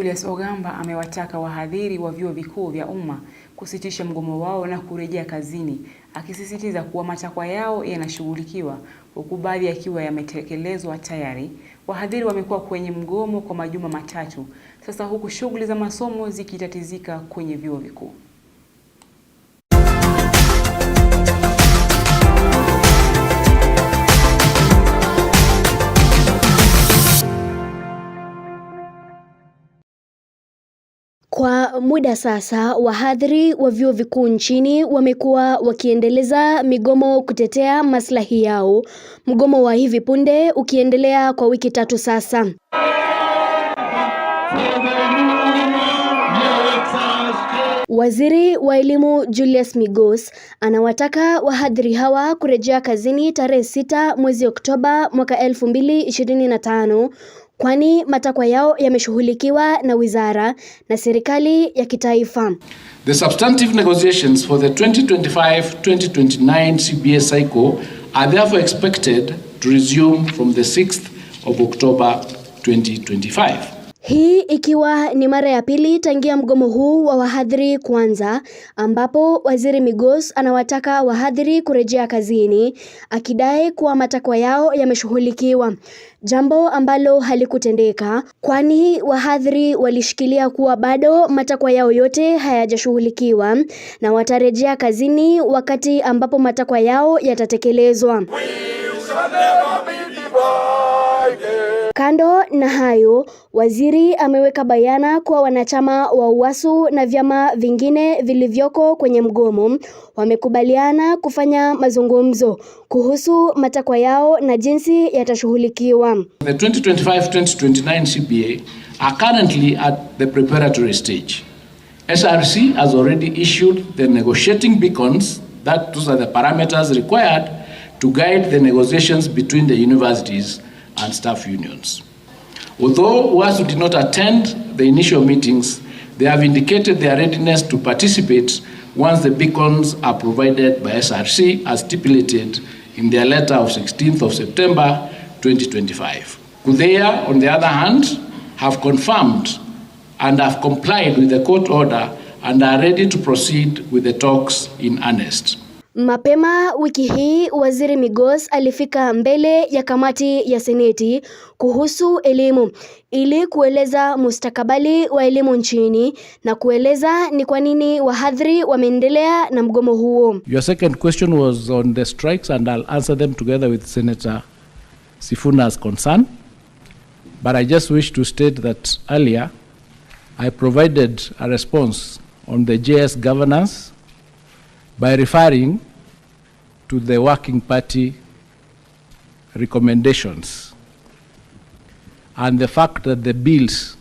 Julius Ogamba amewataka wahadhiri wa vyuo vikuu vya umma kusitisha mgomo wao na kurejea kazini, akisisitiza kuwa matakwa yao yanashughulikiwa huku baadhi yakiwa yametekelezwa tayari. Wahadhiri wamekuwa kwenye mgomo kwa majuma matatu sasa huku shughuli za masomo zikitatizika kwenye vyuo vikuu. Kwa muda sasa wahadhiri wa vyuo vikuu nchini wamekuwa wakiendeleza migomo kutetea maslahi yao, mgomo wa hivi punde ukiendelea kwa wiki tatu sasa. Waziri wa Elimu Julius Migos anawataka wahadhiri hawa kurejea kazini tarehe sita mwezi Oktoba mwaka 2025 kwani matakwa yao yameshughulikiwa na wizara na serikali ya kitaifa. The substantive negotiations for the 2025-2029 CBA cycle are therefore expected to resume from the 6th of October 2025. Hii ikiwa ni mara ya pili tangia mgomo huu wa wahadhiri kuanza, ambapo Waziri Migos anawataka wahadhiri kurejea kazini, akidai kuwa matakwa yao yameshughulikiwa, jambo ambalo halikutendeka, kwani wahadhiri walishikilia kuwa bado matakwa yao yote hayajashughulikiwa na watarejea kazini wakati ambapo matakwa yao yatatekelezwa na hayo, waziri ameweka bayana kuwa wanachama wa UWASU na vyama vingine vilivyoko kwenye mgomo wamekubaliana kufanya mazungumzo kuhusu matakwa yao na jinsi yatashughulikiwa. The 2025-2029 CBA are currently at the preparatory stage. SRC has already issued the negotiating beacons that those are the parameters required to guide the negotiations between the universities and staff unions. Although WASU did not attend the initial meetings, they have indicated their readiness to participate once the beacons are provided by SRC as stipulated in their letter of 16th of September 2025. Kudea, on the other hand, have confirmed and have complied with the court order and are ready to proceed with the talks in earnest. Mapema wiki hii Waziri Migos alifika mbele ya kamati ya Seneti kuhusu elimu ili kueleza mustakabali wa elimu nchini na kueleza ni kwa nini wahadhiri wameendelea na mgomo huo. Your second question was on the strikes and I'll answer them together with Senator Sifuna's concern. But I just wish to state that earlier I provided a response on the JS governance by referring to the Working Party recommendations and the fact that the bills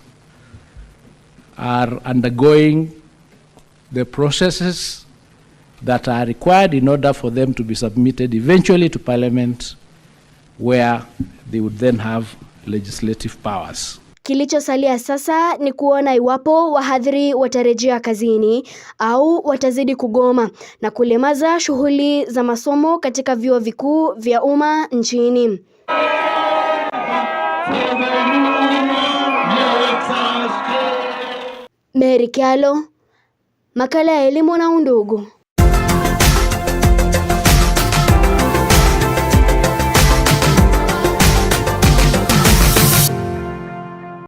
are undergoing the processes that are required in order for them to be submitted eventually to Parliament, where they would then have legislative powers. Kilichosalia sasa ni kuona iwapo wahadhiri watarejea kazini au watazidi kugoma na kulemaza shughuli za masomo katika vyuo vikuu vya umma nchini. Mary Kyalo, makala ya elimu na Undugu.